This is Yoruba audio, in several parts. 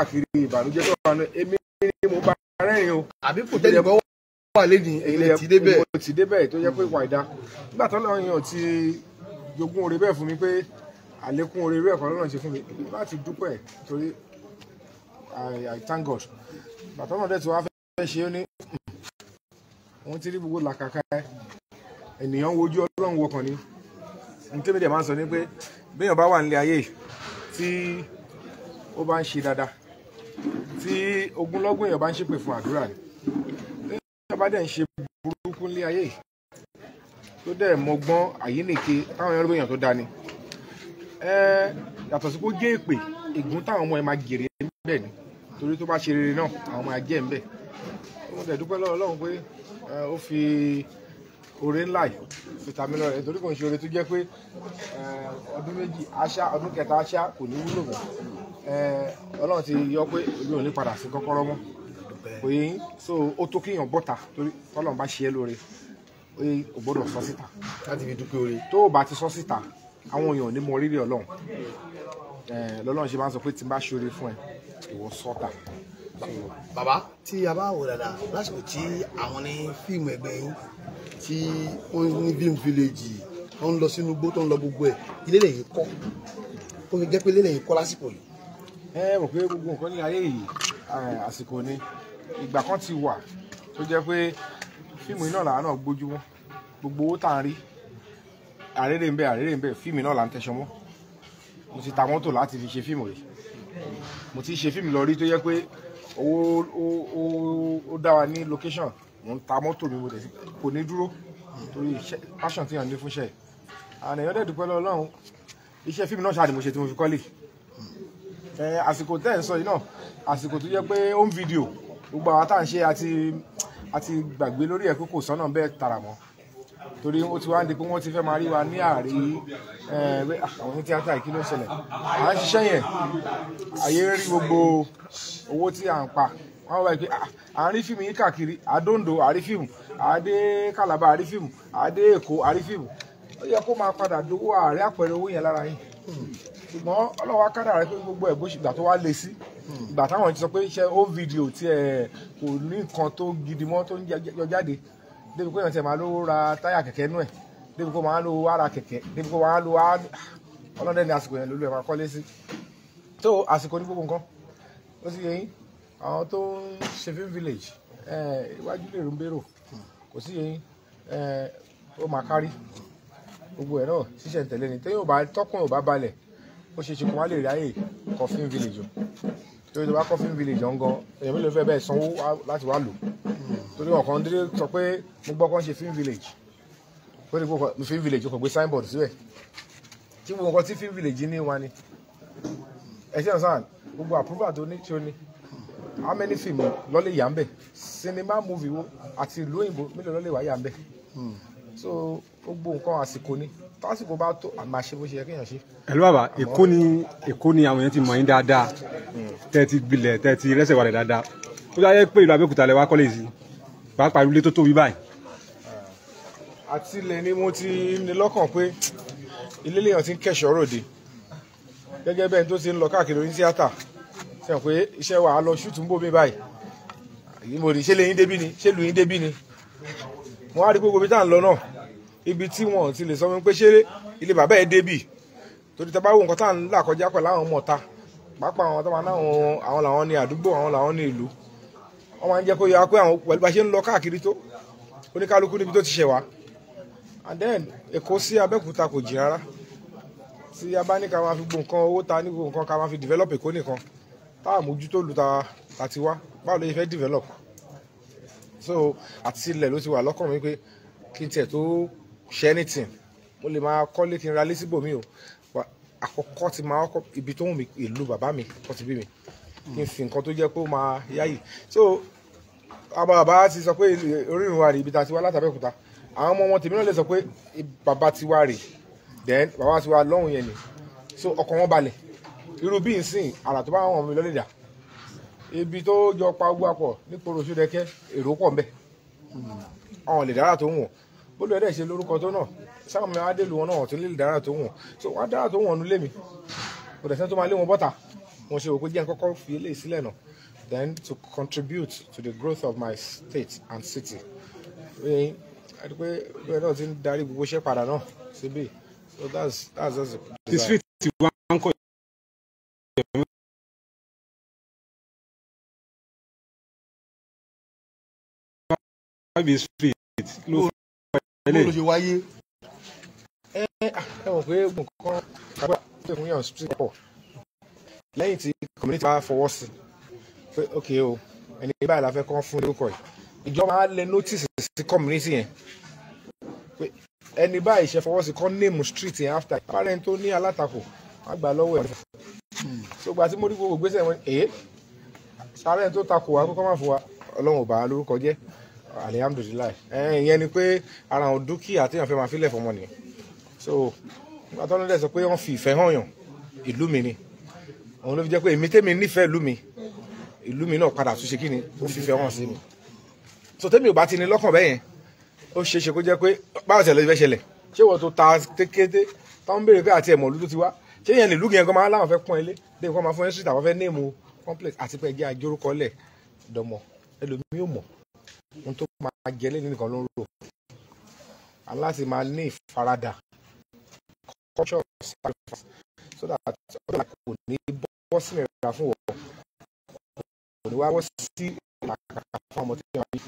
káàkiri ìbànújẹ́ tó wà ní èmi ni mo bá rẹ́rìn o. àbí kò tẹ́lẹ̀ kọ́ wà lẹ́ni ilẹ̀ ti débẹ̀. mo ti débẹ̀ tó yẹ pé ìwà ìdá nígbà tó lọ́ọ́ yan ti jogún oore bẹ́ẹ̀ fún mi pé àlékún oore rẹ̀ kan lọ́nà ṣe fún mi láti dúpẹ́ torí I thank God bàtọ́ náà dẹ̀ tí wàá fẹ́ ṣe é wọ́n ti rí gbogbo làkàkà ẹ̀ ènìyàn wojú ọlọ́run wọkàn ni nítorí dẹ̀ máa ń sọ ní pé béèyàn bá wà ń ṣe dáadáa tí ogunlọ́gọ̀ èèyàn bá ń ṣépè fún àdúrà ni tí wọ́n bá dẹ̀ ń ṣe burúkú nílé ayé tó dẹ̀ mọgbọ́n àyíníke táwọn èèyàn lóyún tó dání yàtọ̀ sí kó jẹ́ èpè ègún táwọn ọmọ ẹ̀ máa gèrè níbẹ̀ ni torí tó bá ṣe rere náà àwọn máa jẹ́ ń bẹ̀ wọ́n dẹ̀ dúpẹ́ lọ́wọ́ Ọlọ́run pé ó fi oore ńlá yìí fìtàmínà rẹ̀ nítorí kò ń ṣe oore tó jẹ́ pé eh, ọdún méjì aṣá ọdún kẹta aṣá kò ní wúlò mọ́ eh, ọlọ́run ti yọ pé èmi ò ní padà sí kọ́kọ́rọ́ mọ́ òye so ó tó kéèyàn bọ́ta torí tọ́lọ́run bá ṣe é lóore òye kò gbọ́dọ̀ sọ síta láti fi dúpẹ́ oore tó o bá ti sọ síta àwọn èèyàn ní mọ rírì ọlọ́run eh, lọ́lọ́run ṣe máa ń sọ pé tí n bá ṣoore fún ẹ ìwọ sọ́ta bàbá tí a bá wò dáadáa lásìkò tí àwọn ní fíìmù ẹgbẹ́ yín tí wọ́n ní green village tó ń lọ sínú igbó tó ń lọ gbogbo ẹ̀ ilé lẹ́yìn kọ́ ó fi jẹ́ pé ilé lẹ́yìn kọ́ lásìkò yìí. ẹ mọ̀ pé gbogbo nǹkan ní ayé yìí àsìkò ni ìgbà kan ti wà tó jẹ́ pé fíìmù iná làwọn náà gbójú wọn gbogbo owó tá à ń rí àrèrè ń bẹ àrèrè ń bẹ fíìmù náà là ń tẹṣọ mọ́ mo ti ta mọ́tò láti fi ṣe fíìmù rẹ̀ mo ti ṣe fíìmù lọ rí tó jẹ́ pé owó ó dá wa ní location mo ń ta mọ́tò mi mo dẹ̀ kò ní dúró torí iṣẹ́ passion ti hàn ní fúnṣẹ́ àná èèyàn dẹ̀ dúpẹ́ lọ́wọ́ Ọlọ́run iṣẹ́ fíìmù náà ṣàdìmọ̀ ṣe tí mo fi kọ́lé ẹ àsìkò tẹ́ ẹ̀ ń sọ yìí náà àsìkò tó yẹ pé home video gbogbo àwọn tá à ń ṣe àti àti gbàgbé lórí ẹ̀ kókò sọ́nà bẹ́ẹ̀ tààrà mọ́ torí ó ti wá ń di pé wọ́n ti fẹ́ máa rí wa ní àárí ah, àwọn ní tíátà kí ló ṣẹlẹ̀ à ń ṣiṣẹ́ yẹn àyè rí gbogbo owó tí à ń pa wọn wá pé àárín fíìmù yín káàkiri àdóńdó àárín fíìmù àdé kàlàbà àárín fíìmù àdé èkó àárín fíìmù ó yẹ kó máa padà dowó ààrẹ àpẹẹrẹ owó yẹn lára yín ṣùgbọ́n ọlọ́wọ́ kádà rẹ pé gbogbo ẹ̀ bó ṣe gbà tó wá lé sí ìgbà táwọn ti sọ pé iṣẹ́ ó fídíò tí ẹ kò ní nǹkan tó gidi mọ́ tó ń yọ jáde débi pé èèyàn ti máa ló ra táyà kẹ̀kẹ́ nú ẹ̀ débi pé máa ló ara kẹ̀kẹ́ débi pé máa ló ọlọ́dẹ ní àsìkò yẹn lólu ẹ̀ máa kọ́lé sí tó àsìkò ní gbogbo nǹkan ó sì yẹ yín àwọn tó ń ṣe village iwájú lè rún bérò kò sí yẹn ó máa kárí gbogbo ẹ̀ náà ṣíṣẹ̀ ń tẹ̀lé ni tẹ́yìn ò bá tọ́kùn ò bá balẹ̀ ó ṣe ṣe kó má lè ráyè kọ́ film village o torí tó bá kọ́ film village ọ̀hún gan èèyàn mélòó fẹ́ bẹ́ẹ̀ sanwó láti wá lò torí ọ̀kan délé sọ pé mo gbọ́ kán ṣe film village ó ní gbogbo film village kò gbé signboard síbẹ̀ tí gbogbo nǹkan tí film village ní wa ni ẹ ṣe ń sàn gbogbo approval tó ní ṣe ó ní how many film ló lè yà ń bẹ̀ cinema movie wo àti ìlú òyìnbó mélòó ló lè yà ń bẹ̀ hmm. so gbogbo nǹkan àsìkò ni tásìkò bá tó àmà ṣe bó ṣe yẹ kéèyàn ṣe. ẹ̀lú bàbá èkó ni èkó ni àwọn èèyàn ti mọ̀ yín dáadáa hmm. tẹ́ ti gbilẹ̀ tẹ́ ti rẹ́sẹ̀ wà rẹ̀ dáadáa ó dáyé pé ìlú Abẹ́òkúta lẹ wá kọ́lé sí pàápàá ilé tó tóbi báyìí. Ah. àti ilẹ̀ ni mo ti ní lọ́kàn pé ilé lèèyàn ti ń kẹ̀ṣọ́ ròde gẹ́gẹ́ bẹ́ẹ̀ tó ti ń lọ káàkiri ní tíátà ṣe pé iṣẹ́ wa lọ ṣùtù ń bò mí báyìí yìí mo rí ṣé lẹ́yìn débí ni ṣé lùyìn débí ni mo wá rí gbogbo ibi tá à ń lọ náà ibi tí wọn ti lè sọ fún pé ṣé ilé bàbá ẹ débí torí tá bá wo nǹkan tá à ń là kọjá pẹ̀lú àwọn ọmọ pàápàá àwọn tó máa náà àwọn làwọn ní àdúgbò àwọn làwọn ní ìlú wọn máa ń jẹ́ kó yọ pé àwọn pẹ̀lú bá ṣe ń lọ káàkiri tó oníkálukú níbi tó ti ṣẹ̀ wá and then Èkó sí Abẹ́òkúta kò jì rárá tí a bá ní ká máa fi gbò owó ta ní gbò ká máa fi develop Èkó nìkan tá a mójútó lu ta ta ti wá báwo ló yẹ fẹ́ develop so àti ilẹ̀ ló ti wà lọ́kàn mi pé kí n tiẹ̀ tó ṣe anything mo lè máa kọ́lé kí n ra lẹ́sìbò mi o àkọ́kọ́ ti máa kọ́ ibi tó wù mí ìlú bàbá mi kọ́ ti bí mi kí n fi nǹkan tó jẹ́ pé ó máa yáyì so àwọn bàbá ti sọ pé orírun wa rè ibi tá a ti wá látàbẹ́òkúta àwọn ọmọ ọmọ tèmi náà lè sọ pé bàbá ti wá rè then bàbá ti wá lọ́hùn yẹn ni so ọkàn wọn balẹ̀ irú bí n sìn àrà tó bá wọn mi lọ́lẹ̀ ibi tó jọ pa ogun apọ̀ nípòrò sódẹ́kẹ́ èrò pọ̀ mbẹ́ àwọn lè dára tó wọ̀n bó lóye dẹ̀ ṣe lórúkọ tó náà sáwọn mi á dèlù wọn náà tó lè dára tó wọ̀n so wọn dára tó wọ̀n nu lémi kò dẹ̀ tó máa lé wọn bọ́ta mo ṣe òpé jẹ́ kọ́kọ́ fi eléyìí sílẹ̀ náà then to contribute to the growth of my state and city pé bẹ́ẹ̀ náà ti ń darí gbogbo iṣẹ́ padà náà síbí so that's that's just tèmi five is fit ló fún ẹ lé. bó ló ṣe wáyé ẹ ẹ mọ̀ pé eégún kan kápẹ́ àti fún yàn sí pọ̀ lẹ́yìn tí community bá fọwọ́ sí pé ok o ẹni báyìí la fẹ́ kọ́ fún lórúkọ yìí ìjọba á lẹ notice sí community yẹn pé ẹni báyìí ṣe fọwọ́ sí kọ́ name street yẹn after parent tó ní alátakò wọ́n gbà lọ́wọ́ ẹ̀ sọgbà tí mo rí gbogbo gbèsè wọn èé eh, sáré tó takò wá kókó má fún wa ọlọ́run ò bá lórúkọ jẹ́ alihamdulilayi eh, ìyẹn ni pé ara àwọn dúkìá tí èèyàn fẹ́ máa fi lẹ̀ fọmọ nìyẹn so nígbà tó ń lẹ̀ sọ pé wọ́n fi ìfẹ́ hàn yàn ìlú mi ni òun ló fi jẹ́ pé èmi tèmi nífẹ̀ẹ́ ìlú mi ìlú mi náà padà tún ṣe kí ni ó fi ìfẹ́ hàn sí mi so tèmi ò bá ti ní lọ́kàn bẹ́yẹn ó ṣeé ṣe kó jẹ́ pé báwo ṣẹlẹ̀ fẹ́ ṣé wọ́n tó ta kété táwọn béèrè pé àti ẹ̀mọ́ olú tó ti wá ṣé yẹn nílùú yẹn gan máa láwọn fẹ́ pọ́n ilé débi kọ́ máa fún yẹn sí ìtàwọn fẹ́ néèmù complex àti pé ẹgbẹ́ ajórúkọ lẹ̀ dọ̀mọ̀ ẹlòmíì ò mọ̀ ohun tó máa jẹ lẹ́nu nìkan ló ń rò aláti máa ní ìfaradà culture sacrifice so that ọ̀dọ́ kò ní bọ́ sí fún wọ̀ kò ní wá sí ìlàkàkà fún ọmọ tí wọ́n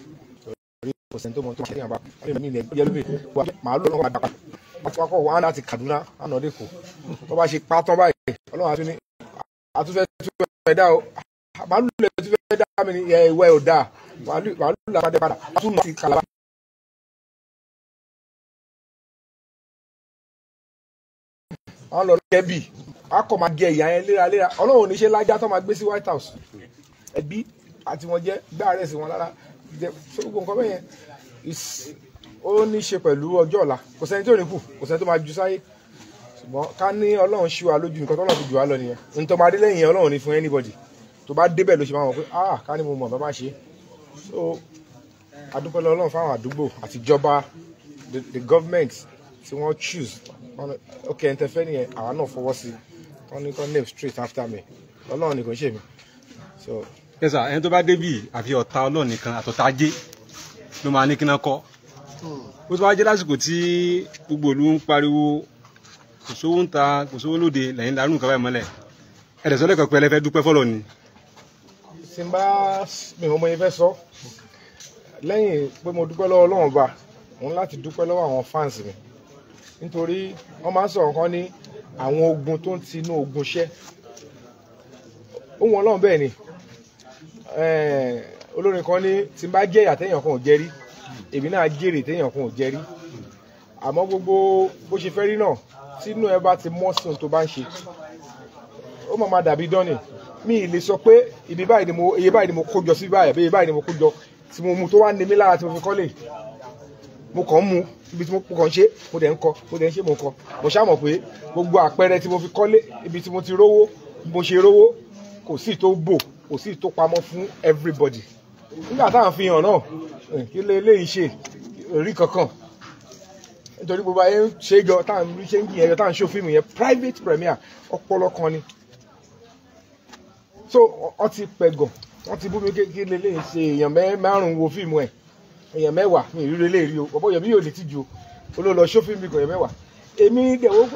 rí kò sẹ́ni tó mọ tó máa ṣe é yàn bá ọ̀rẹ́ mi ní àtúwákọ̀ wá láti Kaduna ànàdé kò tó bá ṣe pa tán báyìí ọlọ́run àti ní àtúfẹ́ tún fẹ́ dá o màálù lè tún dá mi ní ìwẹ́ ò dáa màálù làbàdé padà tún láti Calabar. àwọn lọ kẹbi akọ máa gẹ ìyá yẹn léraléra ọlọ́run ò lájà tó máa gbé sí White House ẹbí àti wọn jẹ gbáàrẹ sí wọn lára jẹ sórí gbogbo nǹkan bẹ́ẹ̀ yẹn ó ní ṣe pẹ̀lú ọjọ́ ọ̀la kò sẹ́ni tó ní kù kò sẹ́ni tó máa ju sáyé ṣùgbọ́n ká ní ọlọ́run ṣí wa lójú nǹkan tó fi jù wá lọ nìyẹn ní máa dé lẹ́yìn ọlọ́run ní fún anybody tó bá débẹ̀ ló ṣe máa mọ̀ pé ah ká ní mo mọ̀ bá má ṣe so adúpẹ́ lọ́lọ́run fáwọn àdúgbò àtijọba the, the government tí wọ́n choose ok ẹ̀ ń tẹ́fẹ́ nìyẹn àwa náà fọwọ́ sí wọ́n ní kọ́ name ló máa ní kí náà kọ́ ó ti wá jẹ́ lásìkò tí gbogbo ìlú ń pariwo kò sówó ń ta kò sówó lóde lẹ́yìn larú nǹkan báyìí mọ́lẹ̀ ẹ̀rẹ̀ sọ́lẹ̀ kan pé ẹ fẹ́ dúpẹ́ fọ́lọ́ ni. tí n bá mi ò mọ ife sọ lẹ́yìn pé mo dúpẹ́ lọ́wọ́ Ọlọ́run ọba òun láti dúpẹ́ lọ́wọ́ àwọn fans mi nítorí wọ́n máa ń sọ̀rọ̀ kan ní àwọn ogun tó ń ti inú ogun ṣẹ́ ohun Ọlọ́run bẹ́ẹ̀ ni olórin kan ní tí n bá jẹ́ ìyàtẹ̀yàn kan ò jẹ́ rí èmi náà jèrè téèyàn kan ò jẹ rí àmọ́ gbogbo bó ṣe fẹ́ rí náà tínú ẹ bá ti mọ́ sí ohun tó bá ń ṣe ó mọ̀ máa dàbí dánì mi ì lè sọ pé ibi báyìí ni mo iye báyìí ni mo kó jọ sí báyìí àbí iye báyìí ni mo kó jọ tí mo mu tó wá ní mi lára tí mo fi kọ́lé mo kàn ń mu ibi tí mo kàn ń ṣe mo dẹ̀ ń kọ mo dẹ̀ ń ṣe mo kọ mo ṣàmọ̀ pé gbogbo àpẹẹrẹ tí mo fi kọ́lé ibi tí mo ti rówó mo ṣe rówó kò sí tó bò kò sí tó pamọ́ fún everybody nígbà táwọn fi hàn náà kí lè léyìí ṣe rí kankan nítorí gbogbo ayé ṣe jọ tá à ń rí ṣe ń gbìyànjú tá à ń fíìmù yẹn private premier ọpọlọ kan ni so ọ ti pẹ̀gọ̀ wọ́n ti bú mi kí lè léyìí ṣe èèyàn márùn-ún wo fíìmù ẹ̀ èèyàn mẹ́wàá mi ìrírí lè rí o ọ̀bọ̀ yẹ̀mí yóò lè ti ju o olóòlò ṣófin mi kò yẹ mẹ́wàá èmi dẹ̀wọ́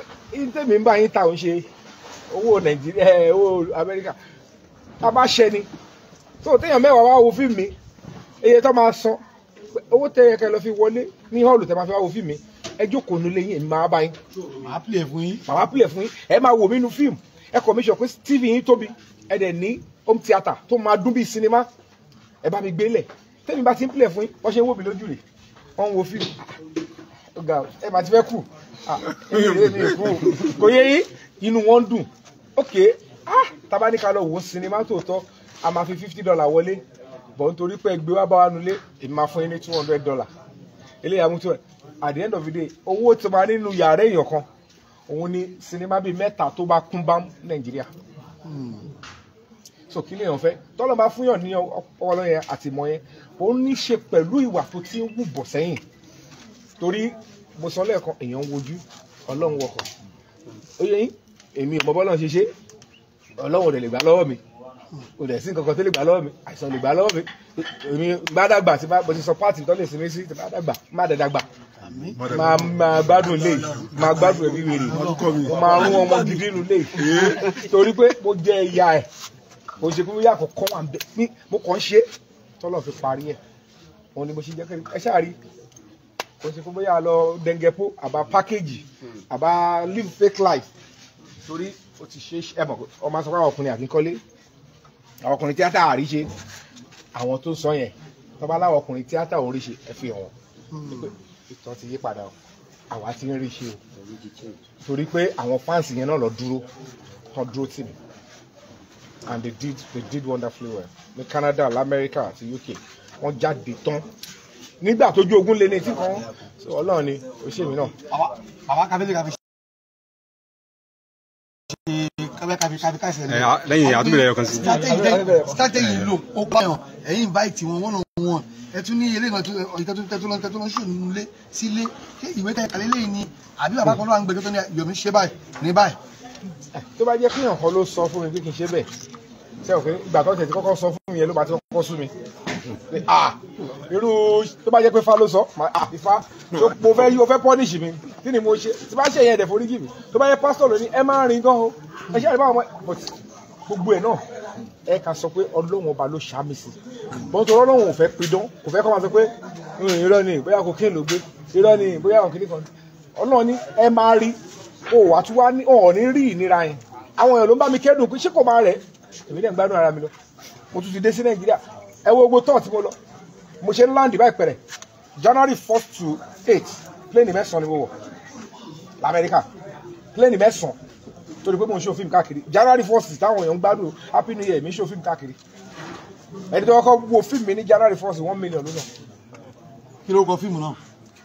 tèmi ń bá yín ta òun ṣe owó Nàìjíríà owó Amẹ́ríkà tá a bá ṣẹni so téèyàn mẹ́wàá wá wo fíìmù mi èyí tó máa san owó tẹ ẹkẹ lọ fi wọlé ní hall tẹ máa fi wá wo fíìmù ẹ jókòó nulẹ̀ yín èmi máa bá yín. màá pilẹ̀ fún yín. màá pilẹ̀ fún yín ẹ máa wò mí nu fíìmù ẹ kọ̀ mí sọ pé tv yín tóbi ẹ dẹ̀ ní home theatre tó máa dún bíi sinimá ẹ bá mi gbé lẹ̀ tẹ́mi bá ti ń pilẹ̀ fún yín wọ́n ṣe ń wò mí lójú rẹ̀ wọ́n ń wo fíìmù ah, ẹ máa ti fẹ́ kù ah, kò yẹ yín inú wọn dùn ok ah tá bá ní ká lọ wo sinimá tòótọ́ a máa fi fifty dollar wọlé bọ̀ nítorí pé ẹgbẹ́ wa bá wà nulẹ̀ èmi máa fún yín ní two hundred dollar eléyà mú tó ẹ̀ at the end of the day owó tí ma nínú yàrá èèyàn kan òun ni sinimá bíi mẹ́ta tó bá kún bá nàìjíríà so kí lèèyàn fẹ́ tọ́lọ́ bá fún yàn ní ọpọlọ yẹn àti ìmọ̀ yẹn ó ní ṣe pẹ̀lú ìwà tó ti ń wù bọ̀ sẹ́yìn torí mo sọ lẹ́ẹ̀kan èèyàn ń wojú ọlọ́run wọkọ̀ ó yẹ yín èmi ò ṣe ṣe ọlọ́run ò mi o dẹ̀ sí nǹkan kan tó lè gbà lọ́wọ́ mi àìsàn lè gbà lọ́wọ́ mi èmi bá dàgbà tí bá ti sọ pààtì tó lè sinmi sí tí bá dàgbà má dẹ̀ dàgbà máa máa gbádùn lè máa gbádùn ẹbí wèrè mo máa rún ọmọ gidi nù lè torí pé mo jẹ ìyá ẹ mo ṣe kúrú yàtọ̀ kọ́ wà ní mo kàn ń ṣe tọ́lọ̀ fi parí ẹ̀ òun ni mo ṣe jẹ́ kẹ́rin ẹ ṣáà mo ṣe fún bóyá lọ dengepo àbá pákéjì àbá live fake life torí o ti ṣe ẹ mọ̀ ọmọ asọ́pá ọkùnrin àkínkọ́lé àwọn ọkùnrin tíátà àríṣe àwọn tó sọ yẹn tọ́ba láwọn ọkùnrin tíátà oríṣe ẹ fi hàn ìtàn ti yí padà àwa ti ń rí ṣe o torí pé àwọn fáǹsì yẹn náà lọ dúró tán dúró tì mí and they did they did wonderfully well ní Canada lamẹ́ríkà àti UK wọ́n jáde tán nígbà tójú ogun lé ní etí kan ọlọ́run ni òṣèlú náà. àwa kábílì kábílì. tàbí káṣẹ lẹ́yìn. lẹ́yìn àtúbí rẹ̀ ọkàn sí. strategy ló ó pààyàn invite wọn wọ́n náà wọn ẹ tún ní eléyìí ọ̀yìn tẹ́tún lọ́n tẹ́tún lọ́n ṣù nínú ilé sílé ṣé ìwé tẹ kàlẹ́ lẹ́yìn ni àbí bàbá kan ló wà ń gbẹjọ́ tó ní Yomi ṣe báyìí ní báyìí. tó bá jẹ́ kíyàn kan ló sọ fún mi pé kì í ṣe bẹ́ẹ̀ ṣe ò pé ìgbà kan tẹ̀sí kọ́kọ́ sọ fún mi yẹn ló máa ti kọ́kọ́ sú mi ah, irú tó bá jẹ́ pé fa ló sọ ah, hmm. mi kí ni mo ṣe tí bá ṣe yẹn ẹ̀dẹ̀ forí jì mí tó bá yẹ pásítọ̀ lóní ẹ máa rìn gan o ẹ ṣe àdébáwọn gbogbo ẹ̀ náà ẹ kà sọ pé ọlọ́run ọba ló ṣàmì sí bọ́n tó ọlọ́run ò fẹ́ pidán kò fẹ́ kọ́ máa sọ pé hmm, irọ́ ni bóyá kò kíni ló gbé irọ́ ni bóyá kò kíni kan ọlọ́run ni ẹ máa rí o wà tí wàá ní ọ̀ ní rí ìnira yẹn àwọn èèyàn ló ń bá mi kẹ́dùn pé ṣé kò máa rẹ̀ èmi dẹ̀ ń gbádùn ara mi lọ mo tún ti dé sí nàìjíríà ẹ wo gbogbo tọ́ọ̀ tí mo lọ mo ṣe ń láǹdì báyìí pẹ̀rẹ̀ January 4 to 8 plane mẹ́sàn-án ni mo wọ̀ lamẹ́ríkà pléènì mẹ́sàn-án torí pé mò ń ṣe òfin káàkiri January first táwọn èèyàn young badu. happy new year mi ṣe òfin káàkiri ẹni tó kọ́kọ́ wo fíìmù mi ní January first one million film Wow. Wow. Wow. ló nà. kí ló kọ fíìmù náà.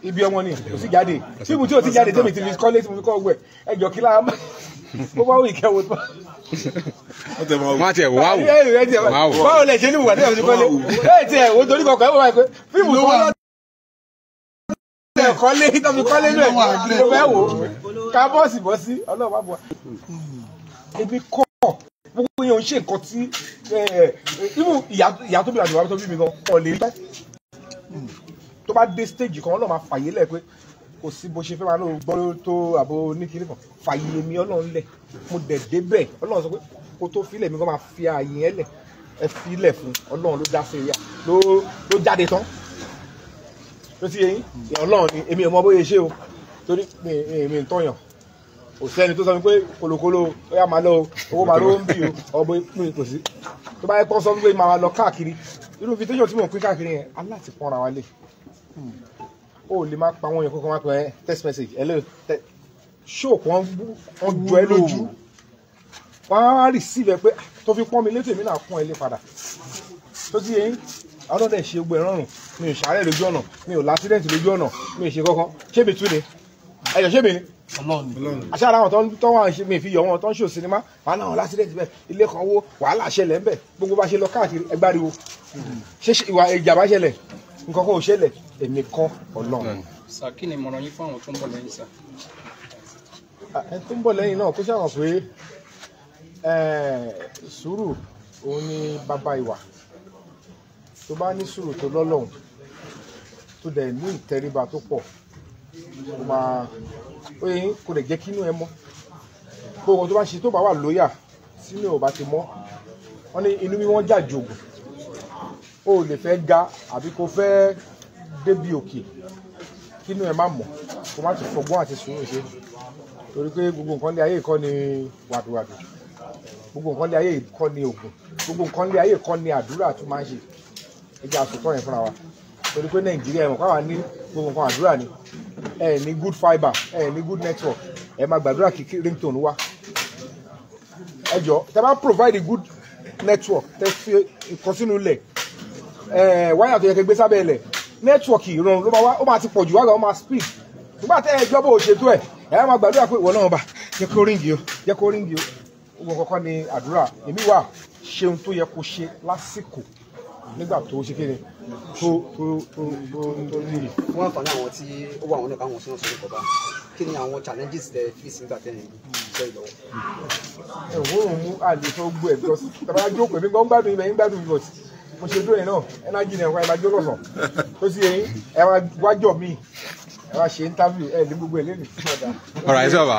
ibi ọmọ ni kò sí jáde fíìmù tí o ti jáde tèmi ti fi kọ́lé tí mo fi kọ́ ọgbẹ́ ẹ jọ kí lára mo bá wù ìkẹwò tó wọ́n ti ẹ̀ wáwò wáwò báwo lẹ̀ ṣe ní ìwà tí wọ́n ti kọ́lé ẹ̀ ti ẹ̀ wò torí kọ̀ọ̀kan ẹ̀ wọ́n máa ń pẹ́ fíìmù tó wà fẹ́ kọ́lé tó fi kọ́lé náà ló fẹ́ wò ó ká bọ́ọ̀sì bọ́ sí ọlọ́run àbọ̀ ebi kọ́ gbogbo yẹn ò ń ṣe nǹkan tí ibu ìyá tó bí àdìwà tó bí mi gan ọ̀ lè pẹ́ tó bá dé stage kan ọlọ́run máa fàyè lẹ̀ pé kò sí bó ṣe fẹ́ máa ló gbọ́ tó àbò oníkiri kan fàyè mi ọlọ́run lẹ̀ mo dẹ̀ débẹ̀ ọlọ́run sọ pé kó tó filẹ̀ mi gan máa fi ààyè yẹn lẹ̀ ẹ filẹ̀ fún ọlọ́run ló dá sí ẹ̀yà ló jáde tán ló ti yẹyìn ọlọ́run ni èmi ò mọ bóyá ṣe o torí mi ń tọ̀yàn kò sẹ́ni tó sọ pé kolokolo ó yá máa lọ owó máa ló ń bì o ọ̀bọ mi kò sí tó bá yẹ kó sọ pé máa lọ káàkiri irú fídíò tí mò ń pín káàkiri yẹn aláàtì pọ́nra wa hmm. lè o lè má pa àwọn yẹn kókó má pẹ́ text message hello show kan ọjọ́ ẹ lójú wọ́n á rí sí ibẹ̀ pé ah, tó fi pọ́n mi létò èmi náà pọ́n ẹ lé padà tó ti yẹn àwọn ọ̀dẹ̀ ṣe gbogbo ẹ̀rọ̀rùn mi ò ṣàárẹ̀ lójú ọ̀nà mi ò lásídẹ̀ǹtì lójú ọ̀nà mi ò ṣe kankan ṣébi tún ni ẹ̀yọ̀ ṣébi ni aṣáára àwọn tó ń tọ́ wọn mi fi yọ wọn tó ń ṣò sinimá wọn náà lásídẹ̀ǹtì bẹ́ẹ̀ ilé kan wó wàhálà ṣẹlẹ̀ ńbẹ̀ gbogbo bá ṣe lọ káàkiri ẹgbàriwo ṣe ìwà ìjàmbá ṣẹlẹ̀ nǹkan kan ò ṣẹlẹ̀ èmi kọ́ ọlọ́run. sà kí ni ìmọ̀ràn yín fún àwọn tó ń bọ̀ lẹ́yìn tó bá ní sùúrù tó lọ́lọ́hùn tó dẹ̀ ní ìtẹríba tó pọ̀ kó máa ó yẹ kó lè jẹ́ kí inú ẹ mọ́ gbogbo tó bá ṣe tó bá wà lóyà sínú ò bá ti mọ́ wọ́n ní inú bí wọ́n jà jòògùn ó lè fẹ́ ga àbí kó fẹ́ débi òkè kí inú ẹ má mọ̀ kó má ti fọgbọ́n àti sùúrù ṣe torí pé gbogbo nǹkan lé ayé kọ́ ni wàdùwàdù gbogbo nǹkan lé ayé kọ́ ni ògùn gbogbo nǹkan lé ayé kọ́ ni àdúrà tó máa ń ṣe ẹ jẹ́ àsopọ̀ yẹn fúnra wa torí pé nàìjíríà ẹ̀wọ̀n káwa ní gbogbo nǹkan àdúrà ni ẹ ní good fibre ẹ ní good network ẹ máa gbàdúrà kí ringtone wá ẹ jọ tẹ bá provide good network tẹ fi nǹkan sínú ilẹ̀ ẹ wáyà tó yẹ kẹ gbé sábẹ́ network ìrọ̀rùn ló máa wá ó máa ti pọ̀ jù wá lọ ó máa speed nígbà tẹ ẹ jọ́ bó o ṣètò ẹ̀ ẹ máa gbàdúrà pé ìwọ náà bá jẹ́ kó ríǹgì o jẹ́ kó ríǹgì o gbogbo kọ́kọ́ ni àdúrà èmi wà ṣeun tó yẹ kó ṣe lásìkò nígbà tó ṣe kéde tó tó tó tó tó níyì. wọ́n àǹfààní àwọn tí ó wà wọn nípa àwọn sínú sọ̀rọ̀ kọ̀ọ̀bá kí ni àwọn challenges tẹ fi sí nígbà tẹ́lẹ̀ sọ ìlọ́wọ́. ẹ wo òun mú àlè fún gbọ́ ẹ̀ bíkọ́sì tàbí ajókòó èmi gan gbádùn ibẹ̀ yín gbádùn ibẹ̀ mo ṣe dúró yẹn náà ẹnájì ni ẹ̀ka ẹ̀ máa jó lọ́sàn tó sì yẹn ẹ̀ máa wájọ̀ míì ẹ̀ máa ṣe interview ẹ̀ ní gbogbo ẹ̀ lẹ́nu. ọ̀rọ̀ ẹ̀ sọ̀rọ̀ bá.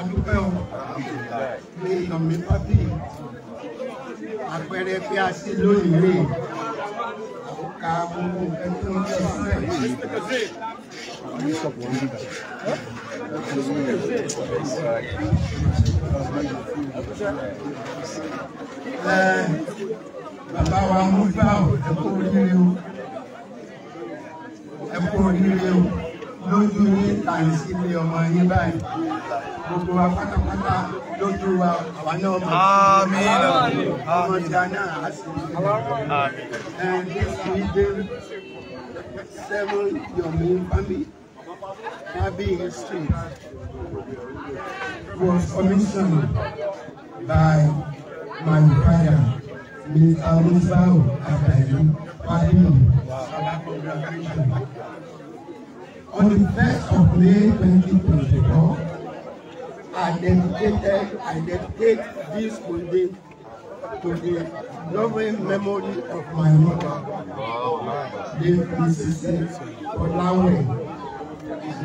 adúpẹ́ o èèyàn mi pábí àpẹẹrẹ pé a ṣe lónìí rè ka gbogbo nǹkan tó ń ṣe sílẹ̀. Bàbá wa mú bá ẹ kú oríire o, ẹ kú oríire o lójú yín tàbí sílé ọmọ yín báyìí gbogbo wa pátápátá lójú wa àwa náà mọ̀ àmín ọmọ tí náà á sì rí ẹ̀ ní sweden seven yomi bami babi street was commissioned by my father mr musbao ajayi fadimu on the first of May 2024, I dedicated, I dedicate this Monday to the loving memory of my mother, wow. the Mrs. Olawe,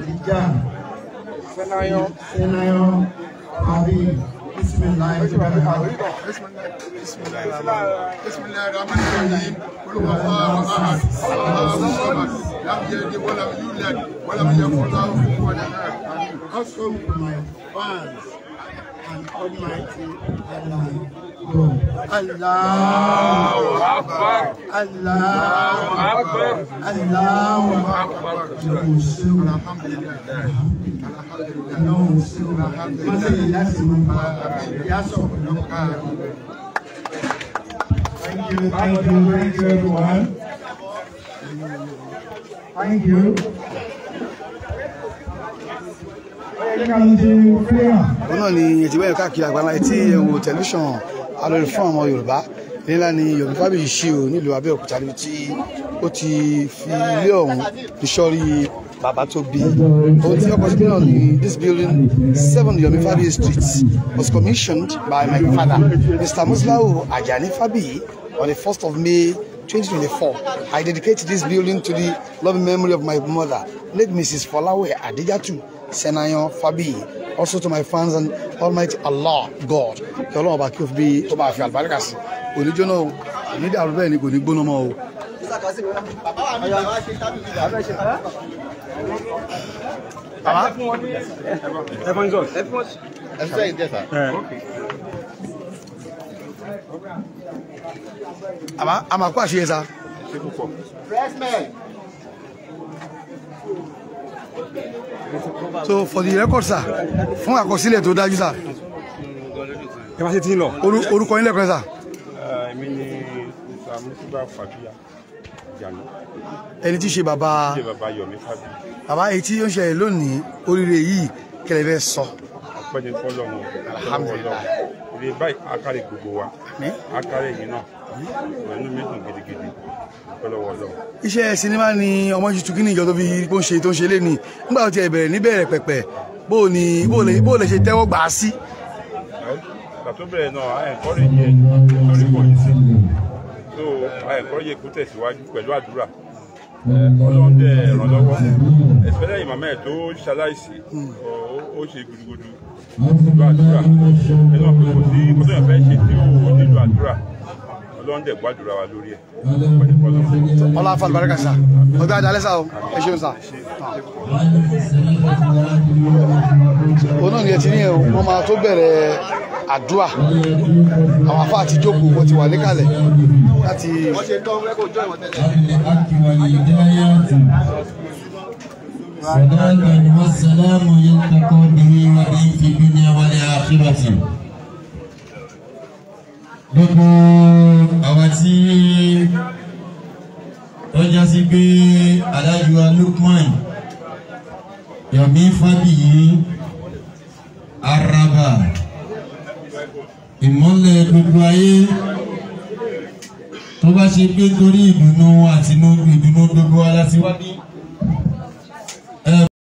Ija, Senayo, Senayo, Abi, Bismillah, Bismillah, Bismillah, Bismillah, Bismillah, لم يلد ولم يولد ولم يكن له كفوا احد and also my fans and Almighty Allah. Allahu Akbar. Allahu Akbar. Allahu Thank you, thank you, thank you everyone. Thank you. òun náà ni ètò ìwé káàkiri àgbàlá etí ẹ̀wò tẹlifíṣàn alórí fún ọmọ Yorùbá nílá ni Yomi Fabiyi ṣe ò nílùú Abẹ́òkúta níbi tí ó ti fi ilé ọ̀hún fi sọ́rí bàbá tó bí ohun tí ọkọ̀ sílẹ̀ ní this building seven Yomi Fabiyi Street was commissioned by my father Mr. Muslau Ajani Fabiyi on the first of May 2024. I dedicate this building to the loving memory of my mother, late Mrs. Falawe Adigatu Senayan Fabi. Also to my fans and Almighty Allah, God. Kí Ọlọ́run ọba kí o fi bí ọba àfi àlùbáríkà sí. Oníjó náà o, onídàá àrùn bẹ́ẹ̀ ni kò ní gbóná mọ́ o. Bàbá ẹ̀fọn ìjọ. Ẹ̀fọn ìjọ. Ẹ̀fọn ìjọ àmàkú àṣeyẹ sa. so for the record sir fún àkọsílẹ̀ tó dájú sir. ẹ máa ṣe tí ń lọ. orúkọ yín lẹ́kọ̀ọ́ sir. èmi ni samusuba fàbíyà jàmí. ẹni tí í ṣe bàbá. bàbá yomi fàbí. bàbá èyí tí ó ń ṣe lónìí oríire yìí ibi báyìí akárè gbogbo wa akárè yìí náà pẹ̀lú mi dùn gidigidi lọ́wọ́lọ́. iṣẹ́ sinimá ni ọmọ jù tukí ní ìjọ tó fi bó ń ṣe tó ń ṣe lé ní nígbà tó ti ẹ̀ bẹ̀rẹ̀ pẹ̀pẹ̀ bó ni bó lè ṣe tẹ́wọ́ gbà á sí. tàtúbẹ̀rẹ̀ náà a encourage yẹ lórí pọ̀ yẹ kó tẹ̀síwájú pẹ̀lú àdúrà ọlọ́dẹ ìrànlọ́wọ́ ẹ̀fẹ́lẹ́ ìmàmá ẹ̀ tó ṣaláìsí hmm. ó ṣe gudugudu ìlú àdúrà ẹ̀nà pé kò sí kó tóyàn fẹ́ ṣe tí ó nílò àdúrà ọlọ́dẹ gbàdúrà wa lórí ẹ̀ ọlá afa àlùbáríkà sá ọgbẹ́ adalẹ́ sá o ẹ ṣeun sá. òun náà ni ẹ ti ní ẹ wọ́n máa tó bẹ̀rẹ̀ àdúrà àwọn afá àti jókòó wọn ti wà níkàlẹ̀ láti. wọ́n ṣe tán rẹ́kọ̀ọ́ jọ ìwọ̀n tẹ́lẹ̀. صلاة والسلام يلتقى به وبه في الدنيا والآخرة gbogbo àwọn tí ó já sí pé alájùwà Lukman Yomi Fabiyi Araba ìmọ́lẹ̀ gbogbo ayé tó bá ṣe pé torí ìdùnnú àti ìdùnnú gbogbo aláṣíwájú.